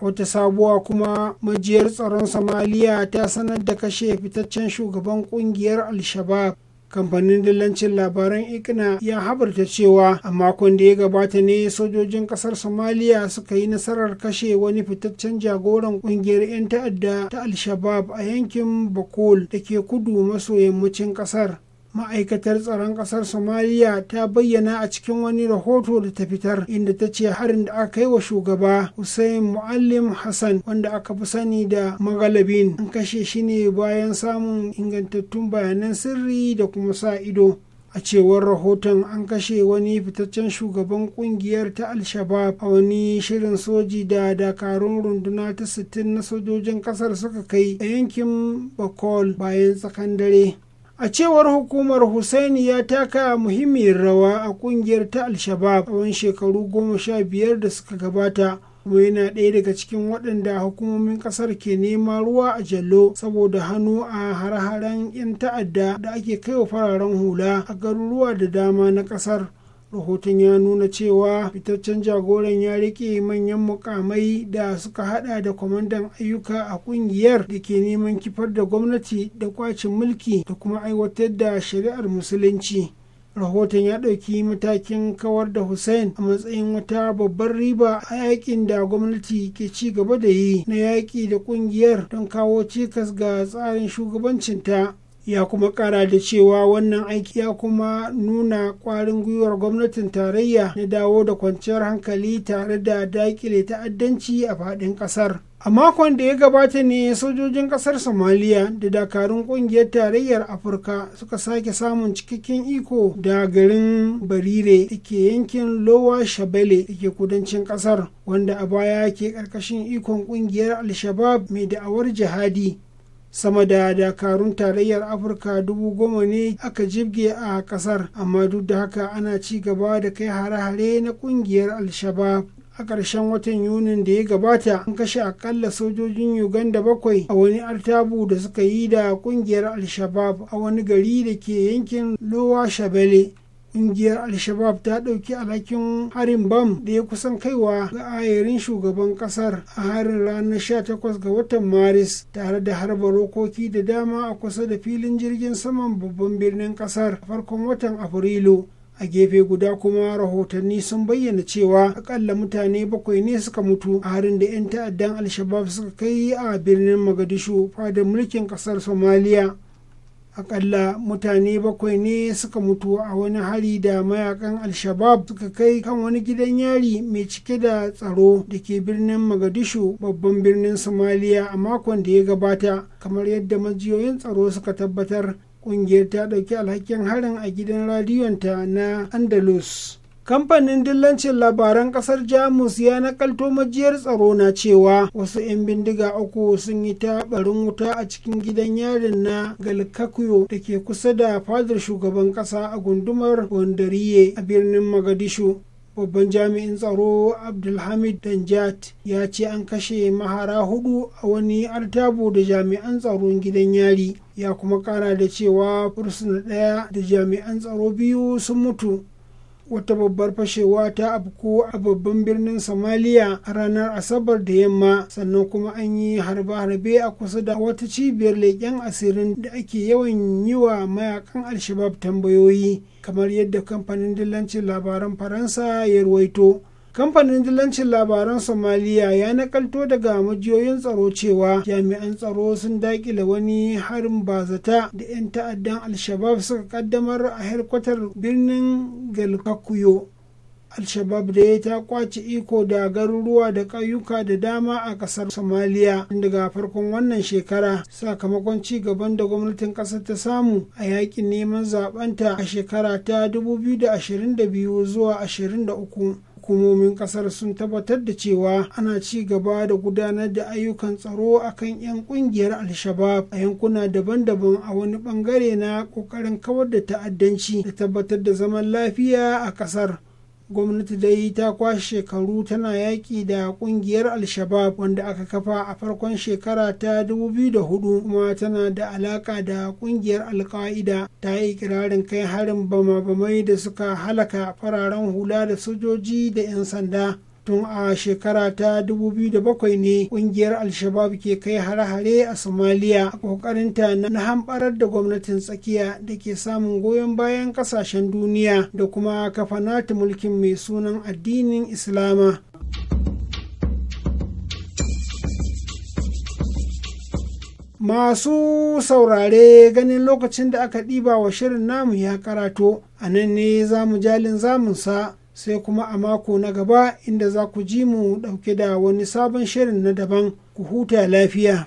wata sabuwa kuma majiyar tsaron somaliya ta sanar da kashe fitaccen shugaban kungiyar al-shabab kamfanin dillancin labaran ikna ya habarta cewa a makon da ya gabata ne sojojin kasar somaliya suka yi nasarar kashe wani fitaccen jagoran kungiyar 'yan ta'adda ta al-shabab a yankin bakol da ke kudu maso yammacin kasar ma'aikatar tsaron ƙasar somaliya ta bayyana a cikin wani rahoto da ta fitar inda ta ce harin da aka yi wa shugaba hussein muallim hassan wanda aka fi sani da magalabin an kashe shi ne bayan samun ingantattun bayanan sirri da kuma sa ido a cewar rahoton an kashe wani fitaccen shugaban kungiyar ta al-shabab a wani shirin soji da dakarun runduna ta 60 na sojojin kasar suka kai a yankin bakol bayan tsakan dare a cewar hukumar Hussaini ya taka muhimmiyar rawa a kungiyar ta al-shabab tsawon shekaru goma sha biyar da suka gabata kuma yana ɗaya daga cikin waɗanda hukumomin ƙasar ke nema ruwa a jallo saboda hannu a har-haren 'yan ta'adda da ake kaiwa fararen hula a garuruwa da dama na ƙasar rahoton ya nuna cewa fitaccen jagoran ya rike manyan mukamai da suka hada da kwamandan ayyuka a kungiyar da ke neman kifar da gwamnati da kwacin mulki da kuma aiwatar da shari'ar musulunci rahoton ya ɗauki matakin kawar da hussein a matsayin wata babbar riba a yakin da gwamnati ke ci gaba da yi na yaƙi da ƙungiyar don kawo cikas ga tsarin shugabancinta ya kuma kara da cewa wannan aiki ya kuma nuna kwarin gwiwar gwamnatin tarayya na dawo da kwanciyar hankali tare da dakile ta'addanci a faɗin ƙasar a makon da ya gabata ne sojojin ƙasar somaliya da dakarun ƙungiyar tarayyar afirka suka sake samun cikakken iko da garin barire da ke yankin lowa shabele da ke kudancin ƙasar wanda a baya ke ƙarƙashin ikon ƙungiyar al-shabab mai da'awar jihadi sama da dakarun tarayyar afirka dubu goma ne aka jibge a kasar amma duk da haka ana ci gaba da kai hare-hare na kungiyar al-shabab a ƙarshen watan yunin da ya gabata an kashe akalla sojojin uganda bakwai a wani artabu da suka yi da kungiyar al-shabab a wani gari da ke yankin lowa shabele ƙungiyar al-shabab ta ɗauki alhakin harin bam da ya kusan kaiwa ga ayarin shugaban ƙasar a harin ranar sha takwas ga watan maris tare da harba rokoki da dama a kusa da filin jirgin saman babban birnin ƙasar farkon watan afrilu a gefe guda kuma rahotanni sun bayyana cewa akalla mutane bakwai ne suka mutu a harin da 'yan ta'addan al-shabab suka kai a birnin magadishu fadar mulkin ƙasar somaliya akalla mutane bakwai ne suka mutu a wani hari da mayakan al-shabab suka kai kan wani gidan yari mai cike da tsaro da ke birnin magadishu babban birnin somaliya a makon da ya gabata kamar yadda majiyoyin tsaro suka tabbatar kungiyar ta ɗauki alhakin harin a gidan radiyonta na andalus kamfanin dillancin labaran kasar jamus ya nakalto majiyar tsaro na cewa wasu 'yan bindiga uku sun yi ta barin wuta a cikin gidan yarin na galkakuyo da ke kusa da fadar shugaban kasa a gundumar gondariye a birnin magadishu babban jami'in tsaro abdulhamid danjat ya ce an kashe mahara hudu a wani artabo da jami'an tsaron gidan yari ya kuma kara da cewa fursuna daya da jami'an tsaro biyu sun mutu wata babbar fashewa ta afko a babban birnin somaliya a ranar asabar da yamma sannan kuma an yi harbe-harbe a kusa da wata cibiyar leƙen asirin da ake yawan yi wa mayakan alshabab tambayoyi kamar yadda kamfanin dillancin labaran faransa ya ruwaito kamfanin dillancin labaran somaliya ya nakalto daga majiyoyin tsaro cewa jami'an tsaro sun dakile wani harin bazata da 'yan ta'addan al-shabab suka kaddamar a harkwatar birnin galkakuyo al-shabab da ya ta kwace iko da garuruwa da ƙauyuka da dama a ƙasar somaliya daga farkon wannan shekara sakamakon ci gaban da gwamnatin ƙasar ta samu a yakin neman zaɓenta a shekara ta 2022 zuwa 23 hukumomin kasar sun tabbatar da cewa ana ci gaba da gudanar da ayyukan tsaro akan 'yan kungiyar alshabab a yankuna daban-daban a wani bangare na kokarin kawar da ta'addanci da tabbatar da zaman lafiya a kasar gwamnati dai ta kwashe shekaru tana yaƙi da ƙungiyar al-shabab wanda aka kafa a farkon shekara ta 2004 kuma tana da alaƙa da ƙungiyar al-qaida ta yi kirarin kai harin bama-bamai da suka halaka fararen hula da sojoji da 'yan sanda tun a shekara ta 2007 ne kungiyar al-shabab ke kai hare-hare a somaliya a kokarinta na hamɓarar da gwamnatin tsakiya da ke samun goyon bayan ƙasashen duniya da kuma kafa mulkin mai sunan addinin islama masu saurare ganin lokacin da aka ɗiba wa shirin namu ya karato a nan ne zamu jalin zamunsa sai kuma a mako na gaba inda za ku ji mu ɗauke da wani sabon shirin na daban ku huta lafiya.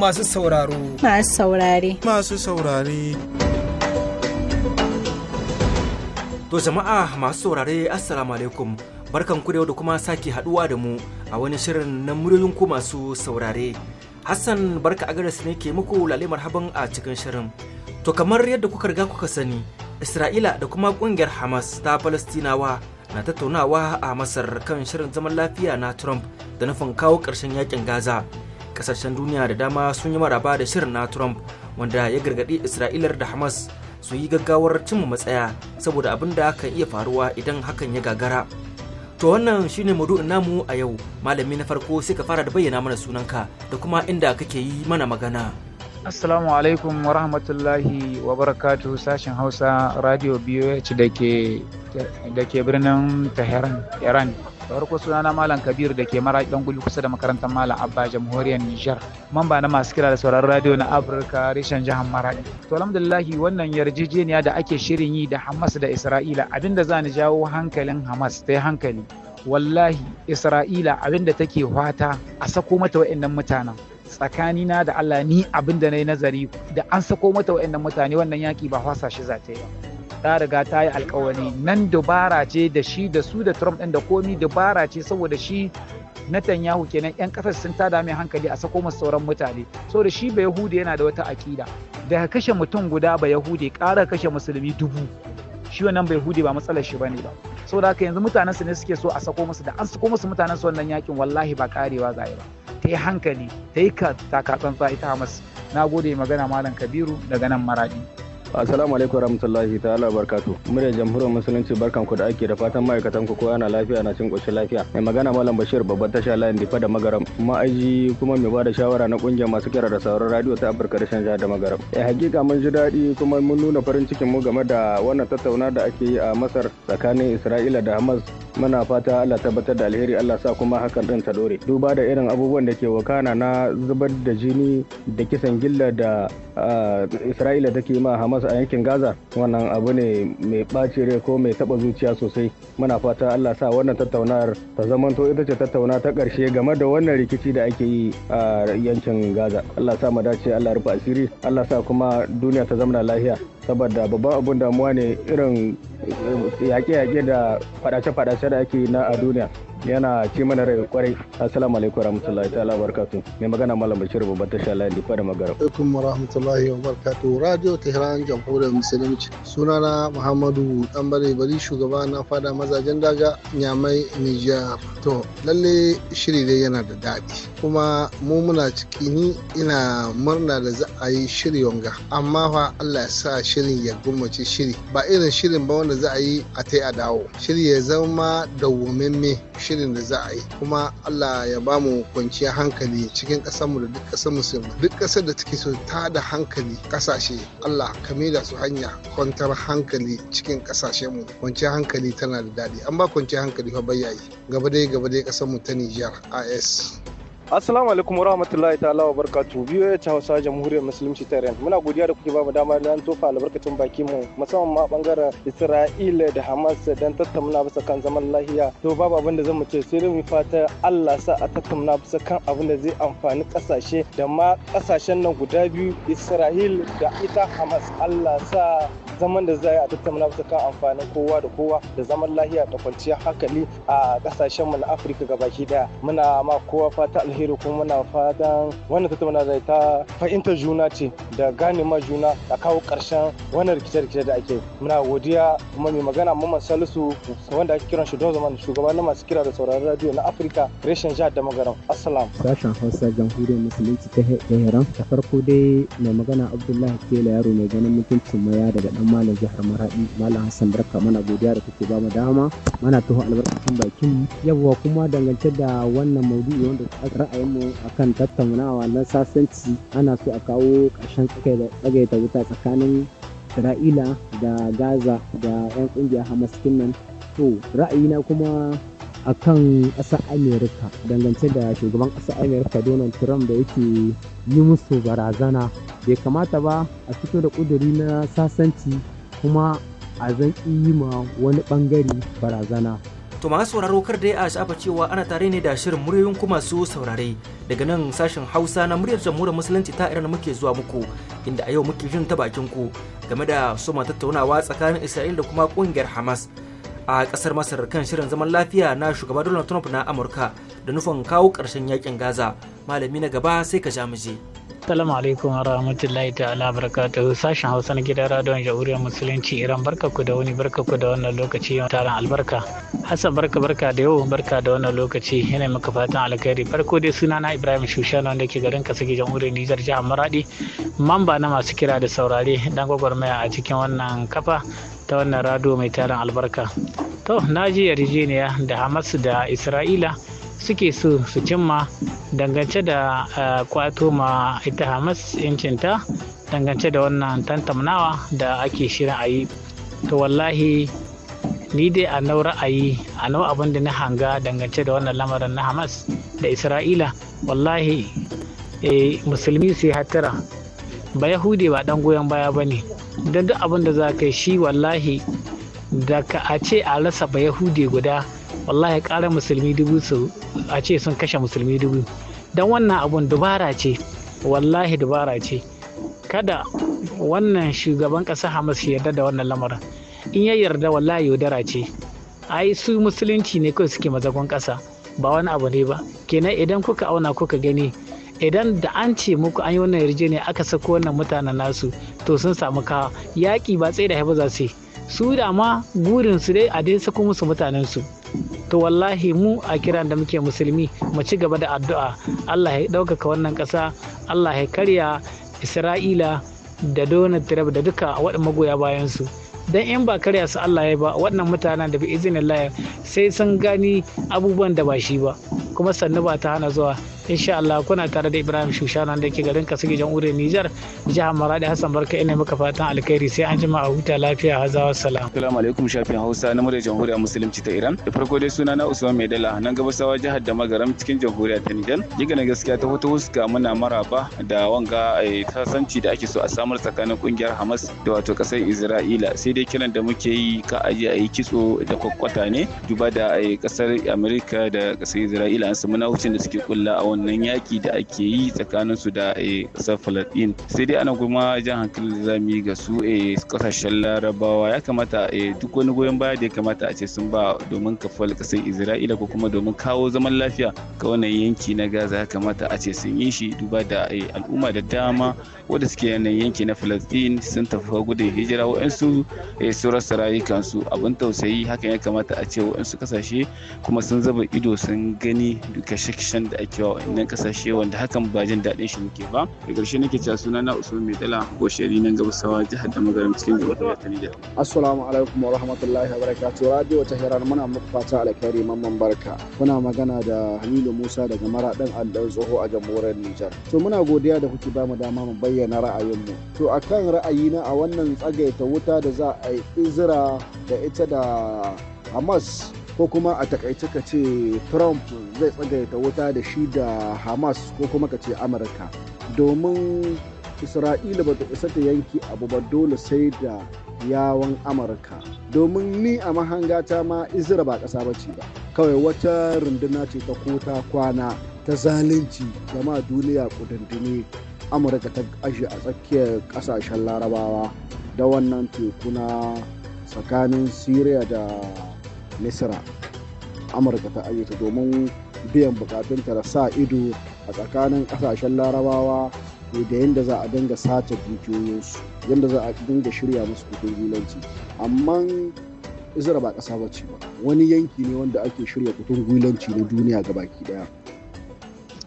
masu sauraro. Masu saurare. Masu saurare. To jama'a masu saurare assalamu alaikum barkan ku da kuma sake haduwa da mu a wani shirin na muryoyin ku masu saurare. Hassan barka a garis ne ke muku lalle marhaban a cikin shirin. To kamar yadda kuka riga kuka sani, Isra'ila da kuma kungiyar Hamas ta Falastinawa na tattaunawa a Masar kan shirin zaman lafiya na Trump da nufin kawo ƙarshen yakin Gaza. kasashen duniya da dama sun yi maraba da shirin na trump wanda ya gargaɗi isra'ilar da hamas su yi gaggawar cimma matsaya saboda abin da kan iya faruwa idan hakan ya gagara to wannan shine maudu'in namu a yau malami na farko sai ka fara da bayyana mana sunanka da kuma inda kake yi mana magana Assalamu alaikum wa rahmatullahi wa barakatuhu sashen Hausa Radio BOH da ke birnin Tehran, Iran. da farko sunana malam kabiru da ke mara dan gudu kusa da makarantar malam abba jamhuriyar nijar mamba na masu kira da sauran radio na afirka reshen jihar maraɗi to alhamdulillahi wannan yarjejeniya da ake shirin yi da hamas da isra'ila abinda za ni jawo hankalin hamas ta hankali wallahi isra'ila abinda take fata a sako mata wa'annan mutanen Tsakani na da allah ni abinda na yi nazari da an sako mata wa'annan mutane wannan yaki ba hwasa shi za ta yi ta riga ta yi alkawari nan dubara ce da shi da su da Trump ɗin da komi dubara ce saboda shi Netanyahu kenan 'yan kasar sun tada mai hankali a sako masu sauran mutane saboda shi ba Yahudi yana da wata akida daga kashe mutum guda ba Yahudi ƙara kashe musulmi dubu shi wannan bai hude ba matsalar shi bane ba saboda haka yanzu mutanen su ne suke so a sako musu da an sako musu mutanen su wannan yakin wallahi ba karewa zai ba ta yi hankali ta yi ka tsantsa ita Hamas na gode magana malam Kabiru daga nan Maradi Assalamu alaikum warahmatullahi ta'ala barkatu. Murya jamhuriyar musulunci barkan ku da ake da fatan ma'aikatan ku kowa na lafiya na cin koshin lafiya. Mai magana Malam Bashir babban tasha layin difa da magaram. Ma'aji kuma mai bada shawara na kungiyar masu kira da sauran radio ta Afirka da shan da magaram. Eh hakika mun ji daɗi kuma mun nuna farin cikin mu game da wannan tattauna da ake yi a Masar tsakanin Isra'ila da Hamas. Muna fata Allah tabbatar da alheri Allah sa kuma hakan din ta dore. Duba da irin abubuwan da ke wakana na zubar da jini da kisan gilla da isra'ila take ma hamas a yankin gaza wannan abu ne mai ɓaci rai ko mai taɓa zuciya sosai muna fata allah sa wannan tattaunawar ta zamanto ita ce tattauna ta ƙarshe game da wannan rikici da ake yi a yankin gaza allah sa mu dace allah rufe asiri allah sa kuma duniya ta zamana lafiya saboda babban abun damuwa ne irin yaƙe-yaƙe da faɗace-faɗace da ake na a duniya yana ci mana rai kwarai assalamu alaikum warahmatullahi ta'ala barkatu mai magana malam bashir babban tasha layin da da magara alaikum warahmatullahi wabarakatuh radio tehran jamhuriyar musulunci sunana muhammadu dambare bari shugaba na fada mazajen daga nyamai nijar to lalle shiri dai yana da daɗi kuma mu muna ciki ni ina murna da za a yi shiri wanga amma fa allah ya sa shirin ya gummace shiri ba irin shirin ba wanda za a yi a tai a dawo shiri ya zama dawwamamme shirin da za a yi kuma Allah ya ba mu kwanciyar hankali cikin ƙasarmu da duk ƙasar musulmi duk ƙasar da take so ta da hankali ƙasashe Allah ka da su hanya kwantar hankali cikin ƙasashenmu mu kwanciyar hankali tana da daɗi an ba kwanciyar hankali fa bayyayi gaba dai gaba dai ƙasar mu ta Nijar AS Assalamu alaikum wa rahmatullahi ta'ala wa barkatu biyo ya ta Hausa Jamhuriyar Musulunci ta Iran. Muna godiya da kuke mu dama don tofa albarkacin baki mu musamman ma bangaren Isra'ila da Hamas dan tattauna bisa kan zaman lahiya. To babu abin da zamu ce sai dai mu fata Allah sa a tattauna bisa kan abin da zai amfani kasashe da ma kasashen nan guda biyu Isra'il da ita Hamas. Allah sa zaman da za a tattauna bisa kan amfanin kowa da kowa da zaman lahiya da kwanciyar hankali a kasashen mu na Afirka gabaki daya. Muna ma kowa fata alheri alheri kuma muna fatan wannan tattauna zai ta fahimtar juna ce da gane ma juna a kawo ƙarshen wannan rikice-rikice da ake muna godiya kuma mai magana mamman salisu wanda ake kiran shi don zaman shugaban na masu kira da sauraron radio na afirka reshen jihar da magaram assalam sashen hausa jamhuriyar musulunci ta tehran ta farko dai mai magana abdullahi kela yaro mai ganin mutuncin maya daga dan malam jihar maradi malam hassan barka mana godiya da kuke mu dama mana taho albarkacin bakin yawwa kuma dangance da wannan maudu'i wanda ra'ayinmu kan tattaunawa na sasanci ana so a kawo ƙarshen tsagaita wuta tsakanin isra'ila da gaza da 'yan ƙungiyar hamas nan to ra'ayina kuma a kan ƙasar amerika dangance da shugaban ƙasar amerika donald trump da yake yi musu barazana bai kamata ba a fito da ƙuduri na sasanci kuma a zan yi ma wani ɓangare barazana To masu sauraro kar dai a shafa cewa ana tare ne da shirin muryoyin ku masu saurare daga nan sashen Hausa na muryar jamhuriyar musulunci ta Iran muke zuwa muku inda a yau muke jin ta bakin ku game da soma tattaunawa tsakanin Isra'il da kuma kungiyar Hamas. A kasar Masar kan shirin zaman lafiya na shugaba Donald Trump na Amurka da nufin kawo karshen yakin Gaza. Malami na gaba sai ka ja mu je. Assalamu alaikum wa rahmatullahi ta'ala barakatuhu sashen Hausa na gidan radon jamhuriyar musulunci Iran barka ku da wani barka ku da wannan lokaci taron albarka. Hassan barka barka da yau barka da wannan lokaci yana maka fatan alkhairi farko dai suna na Ibrahim Shushana wanda ke garin Kasige jamhuriyar Nijar jihar Maradi mamba na masu kira da saurare dan gwagwarmaya a cikin wannan kafa ta wannan rado mai taron albarka. To na ji yarjejeniya da Hamas da Isra'ila suke so su cimma dangance da eh, kwato ma ita hamas yancinta dangance da wannan tantamnawa da ake shirin a yi to wallahi ni dai a nau ra'ayi a nau abin da na hanga dangance da wannan lamarin na hamas da isra'ila wallahi eh, musulmi su yi hatara ba Yahudi ba dan goyon baya ba ne don duk abin da za ka yi shi wallahi da ka a ce a rasa ba yahudi guda wallahi kare musulmi dubu su a ce sun kashe musulmi dubu don wannan abun dubara ce wallahi dubara ce kada wannan shugaban ƙasa hamas ya yarda da wannan lamarin in ya yarda wallahi yaudara ce ai su musulunci ne kawai suke mazagon ƙasa ba wani abu ne ba kenan idan kuka auna kuka gani idan da an ce muku an yi wannan yarjejeniya aka sako wannan mutanen nasu to sun samu kawa yaƙi ba tsaye da haifa za su yi su da ma gurin su dai a dai sako musu mutanen su to wallahi mu a kiran da muke musulmi mu ci gaba da addu'a Allah ya ɗaukaka wannan ƙasa Allah ya karya Isra'ila da Donald Trump da duka waɗanda magoya bayan su dan in ba karya su Allah ya ba wannan mutanen da bi izinin Allah sai sun gani abubuwan da ba shi ba kuma sannu ba ta hana zuwa insha Allah kuna tare da Ibrahim Shushana da ke garin Kasige Ure Nijar jihar Maradi Hassan Barka ina maka fatan alkhairi sai an jima a huta lafiya hazawa salam assalamu alaikum shafin Hausa na muryar jamhuriyar musulunci ta Iran da farko dai suna na Usman Maidala nan gabasawa jihar da magaram cikin jamhuriyar ta Nijar diga na gaskiya ta hoto huska muna maraba da wanga tasanci eh, da ake so a samar tsakanin kungiyar Hamas da wato kasar Isra'ila sai dai kiran da muke yi ka aje a yi kitso da kwakwata ne duba da eh, kasar Amerika da kasar Isra'ila an samu na da suke kulla a wannan yaki da ake yi tsakanin su da ƙasar eh, Falasɗin. Sai dai ana kuma jan hankali da zamu yi ga su ƙasashen eh, Larabawa ya kamata eh, duk wani goyon baya da ya kamata a ce sun ba domin kafuwar ƙasar Isra'ila ko kuma domin kawo zaman lafiya ga wannan yanki na Gaza ya kamata a ce sun yi shi duba da al'umma da dama wanda suke yanayin yanki na Falasɗin sun tafi gudun hijira waɗansu su rasa rayukansu abin tausayi hakan ya kamata a ce waɗansu ƙasashe kuma sun zaba ido sun gani duka kashen da ake wa waɗannan kasashe wanda hakan ba jin daɗin shi muke ba da ƙarshe nake cewa suna na usman mai tsala goshari nan sawa jihar da magaram cikin da ta nijar assalamu alaikum wa rahmatullahi wa barakatuh radio ta hirar muna muku fata alkhairi mamman barka kuna magana da halilu musa daga maraɗin allon tsoho a jamhuriyar nijar to muna godiya da kuke bamu dama mu bayyana ra'ayinmu to akan ra'ayina a wannan tsagaita wuta da za a yi izira da ita da hamas ko kuma a takaice ka ce trump zai tsagaita wuta da shi da hamas ko kuma ka ce amurka domin isra'ila ba ta isa ta yanki abu ba dole sai da yawon amurka domin ni a mahangata ma izira ba ƙasa ba ce ba kawai wata runduna ce ta kota kwana ta zalunci gama duniya kudundune amurka ta ashe a tsakiyar kasashen larabawa da wannan teku na tsakanin syria da misira amurka ta ayyuta domin biyan bukatunta da sa ido a tsakanin kasashen larabawa da yadda za a dinga sace dukiyoyinsu yadda za a dinga shirya musu kudin gulanci amma isra ba kasa ba ce ba wani yanki ne wanda ake shirya kudin gulanci na duniya ga baki daya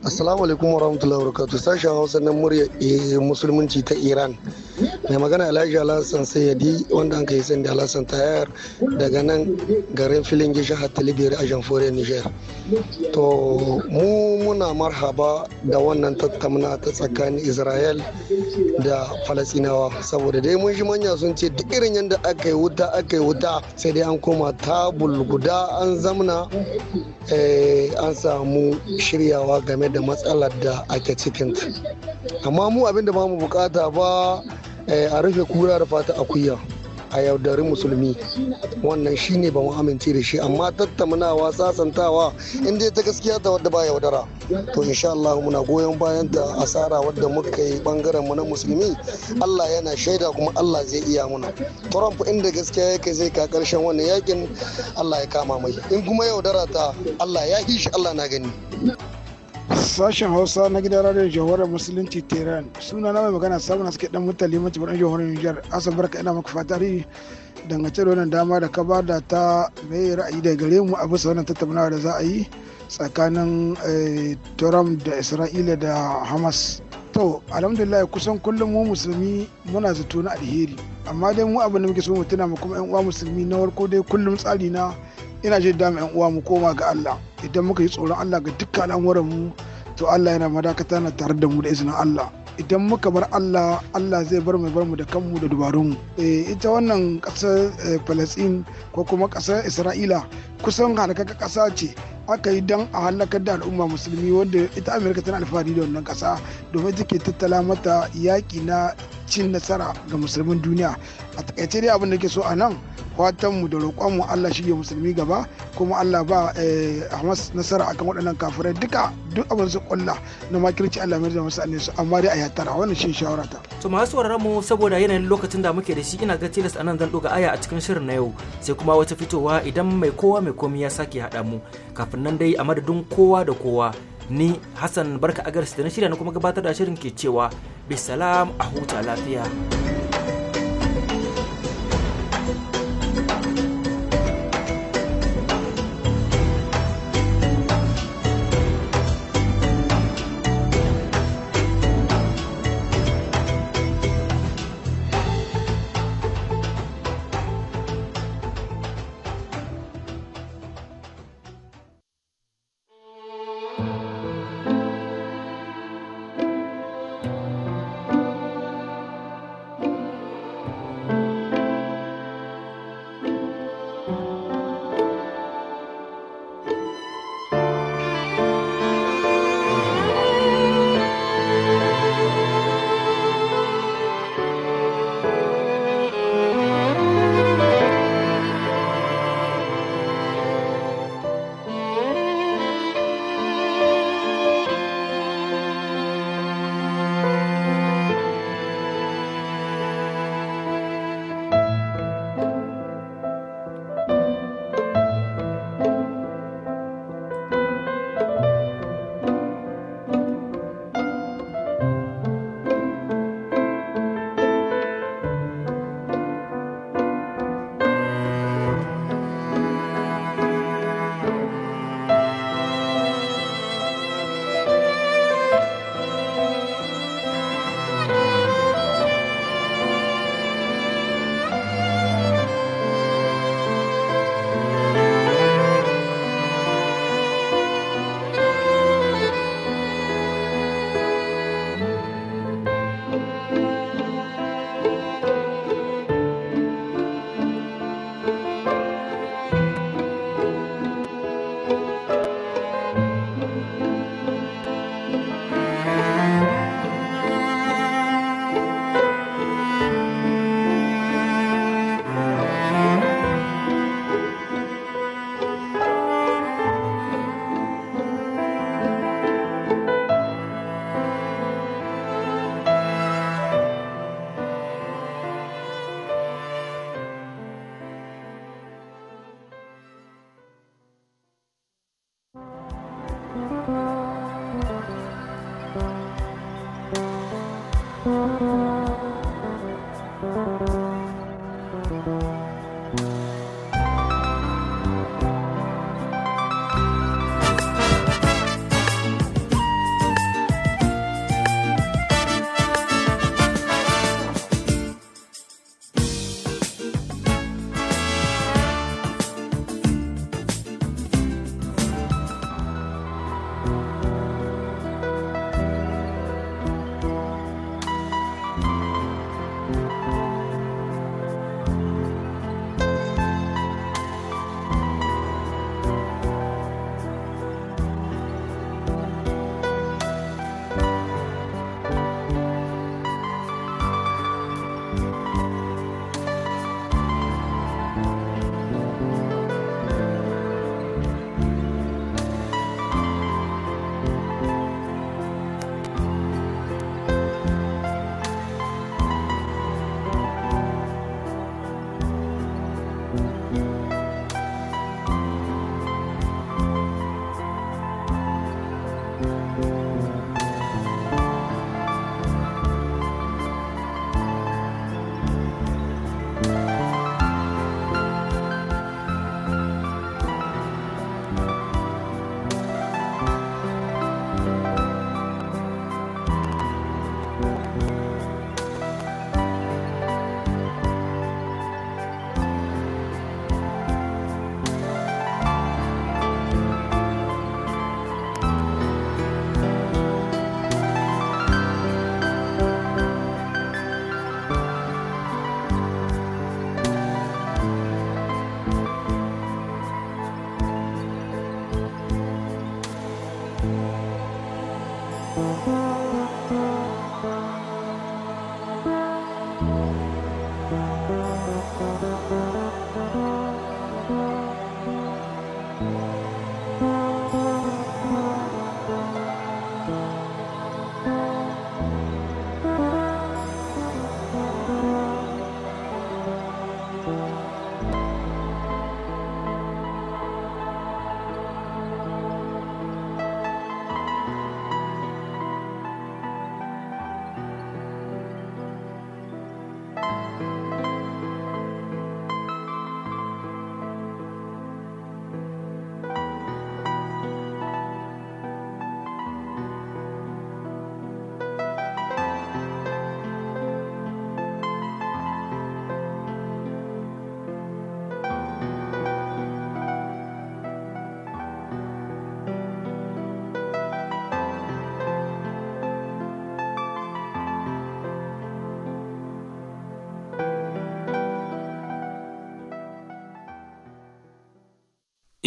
Assalamu alaikum wa rahmatulah wa Sashen Hausa na murya eh, musulunci ta Iran. Mai magana Alhaji Alhassan yadi wanda an kai sani da Alhassan Tayar daga nan garin filin gishin Hatalibiyar a Jamfore Niger. To mu muna marhaba da wannan tattamna ta tsakanin Israel da Falasinawa saboda dai mun shi manya sun ce duk irin yadda aka yi wuta aka yi wuta sai dai an koma tabul guda an zamna eh, an samu shiryawa game da matsalar da ake cikinta amma mu abin da ba mu bukata ba eh, a rufe kura da fata akuya a yaudari musulmi wannan shi ne ba mu amince da shi amma tattaunawa sasantawa in dai ta gaskiya ta wadda ba yaudara to insha Allah muna goyon bayan ta asara wadda muka yi bangaren mu na musulmi Allah yana shaida kuma Allah zai iya muna Trump inda gaskiya yake zai ka karshen wannan yakin Allah ya kama mai in kuma yaudara ta Allah ya shi Allah na gani Sashen Hausa na gidan radio jawarar Musulunci Tehran. Suna na mai magana samun suke dan mutane mace baran Jihohar Nijar. asabar ka ina maka fatari dangance da wannan dama da ka da ta mai ra'ayi da gare mu a bisa wannan tattaunawa da za a yi tsakanin eh, Trump da Isra'ila da Hamas. to alhamdulillah kusan kullum mu musulmi muna zato na alheri amma dai mu abin da muke so mu tuna mu kuma yan uwa musulmi na farko dai kullum tsari na ina jin dama yan uwa mu koma ga Allah idan muka yi tsoron Allah ga dukkan al'amuran mu to Allah yana madakata na tare da mu da izinin Allah idan muka bar Allah Allah zai bar mu bar mu da kanmu da mu. Eh, ita wannan ƙasar eh, Palestine ko kuma ƙasar Isra'ila kusan halakaka ƙasa ce aka yi don a halakar da al'umma musulmi wanda ita Amerika tana alfahari da wannan ƙasa domin take tattala mata yaƙi na cin nasara ga musulmin duniya a takaice dai abin da ke so a nan fatanmu da roƙonmu Allah shi ya musulmi gaba kuma Allah ba eh, Hamas nasara akan waɗannan kafirai duka duk abin su kulla na makirci Allah mai zama musu su amma dai a yatara wannan shi shawara ta. To masu mu saboda yanayin lokacin da muke da shi ina ga tilas anan zan ɗoga aya a cikin shirin na yau sai kuma wata fitowa idan mai kowa mai komi ya sake haɗa mu kafin nan dai a madadin kowa da kowa ni Hassan Barka Agarsi da na shirya na kuma gabatar da shirin ke cewa bisalam a huta lafiya.